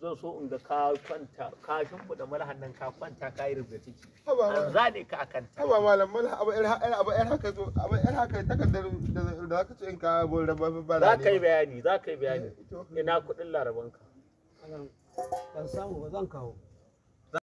zan so in ga ka kwanta ka da malhan nan ka kwanta ka yi rubda ciki an zaɗe ka akan ta ba malam malha abu yar haka zo abu yar haka takardar da za ka ce in ka bol da ba ba za ka yi bayani za ka yi bayani eh, ina kudin larabanka ban samu ba zan kawo